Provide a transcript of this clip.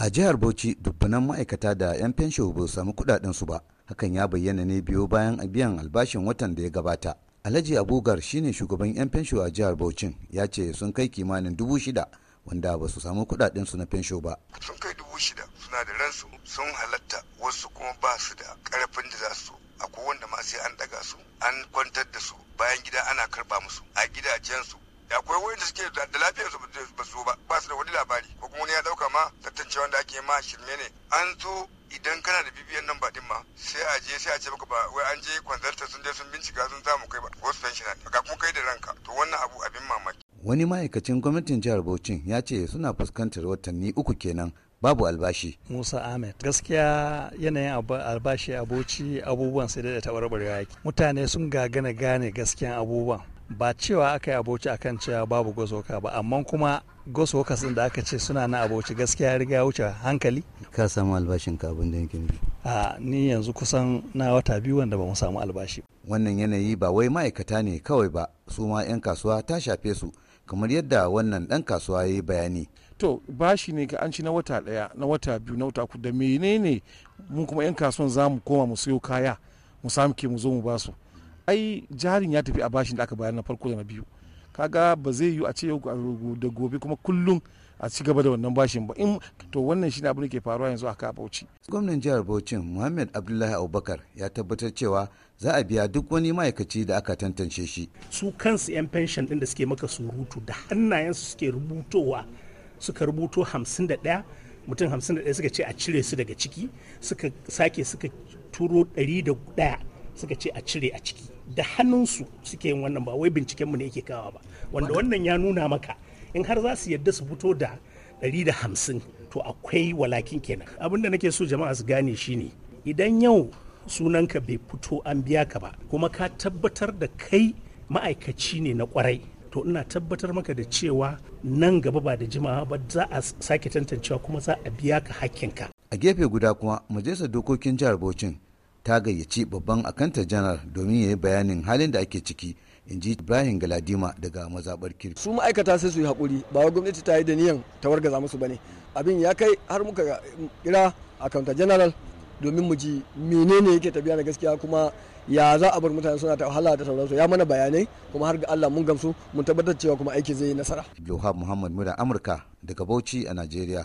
a jihar bauchi dubbanan ma'aikata da 'yan fensho ba su samu kudaden su ba hakan ya bayyana ne biyo bayan biyan albashin watan da ya gabata alhaji abugar shine shugaban 'yan fensho a jihar bauchi ya ce sun kai kimanin dubu shida wanda ba su samu kudaden su na fensho ba sun kai dubu shida suna da ransu sun halatta wasu kuma ba su da karfin da za su akwai wanda ma sai an daga su an kwantar da su bayan gida ana karba musu a gidajensu akwai wanda suke da lafiyarsu ba su ba ba su da wani labari ko kuma wani ya dauka ma ce wanda ake ma shirme ne an zo idan kana da bibiyar nan ba din ma sai a je sai a ce baka ba wai an je kwanzarta sun je sun bincika sun samu kai ba wasu pension ne ga kuma kai da ranka to wannan abu abin mamaki wani ma'aikacin gwamnatin jihar Bauchi ya ce suna fuskantar watanni uku kenan babu albashi. Musa Ahmed gaskiya yanayin albashi a Bauchi abubuwan sai da taɓarɓarewa yake. Mutane sun gagana gane gaskiyan abubuwan ba cewa aka yi aboci akan cewa babu gosoka ba amma kuma gosoka sun da aka ce suna na aboci gaskiya riga wuce hankali ka samu albashin ka abin da yake a ni yanzu kusan na wata biyu wanda ba mu samu albashi wannan yanayi ba wai ma'aikata ne kawai ba su ma 'yan kasuwa ta shafe su kamar yadda wannan dan kasuwa ya yi bayani to bashi ne ga an ci na wata daya na wata biyu na wata uku da menene mu kuma 'yan kasuwan zamu koma mu siyo kaya mu samu ke mu zo mu basu ai jarin ya tafi a bashin da aka bayar na farko da na biyu kaga ba zai yiwu a ce yau da gobe kuma kullum a ci gaba da wannan bashin ba in to wannan shine abin da ke faruwa yanzu aka a Bauchi gwamnan jihar Bauchi Muhammad Abdullahi Abubakar ya tabbatar cewa za a biya duk wani ma'aikaci da aka tantance shi su kansu yan pension din da suke maka surutu da hannayensu suke rubutowa suka rubuto 51 mutum 51 suka ce a cire su daga ciki suka sake suka turo daya suka ce a cire a ciki da hannunsu suke yin wannan ba wai bincikenmu ne yake kawa ba wanda wannan ya nuna maka in har za su yadda su fito da 150 to akwai walakin kenan abin da nake so jama'a su gane shi ne idan yau sunanka bai fito an biya ka ba kuma ka tabbatar da kai ma'aikaci ne na kwarai to ina tabbatar maka da cewa nan gaba ba da jimawa ba za a sake tantancewa kuma za a biya ka hakkinka a gefe guda kuma majalisar dokokin jihar bauchin ta gayyaci babban akanta janar domin ya yi bayanin halin da ake ciki in ji ibrahim galadima daga mazabar kirki su ma'aikata sai su yi haƙuri ba wa gwamnati ta yi da niyan tawargaza musu ne abin ya kai har muka kira akanta janar domin mu ji menene yake tafiya da gaskiya kuma ya za a bar mutane suna ta wahala da sauransu ya mana bayanai kuma har ga Allah mun gamsu mun tabbatar cewa kuma aiki zai yi nasara. Yohab Muhammad Mura Amurka daga Bauchi a Najeriya.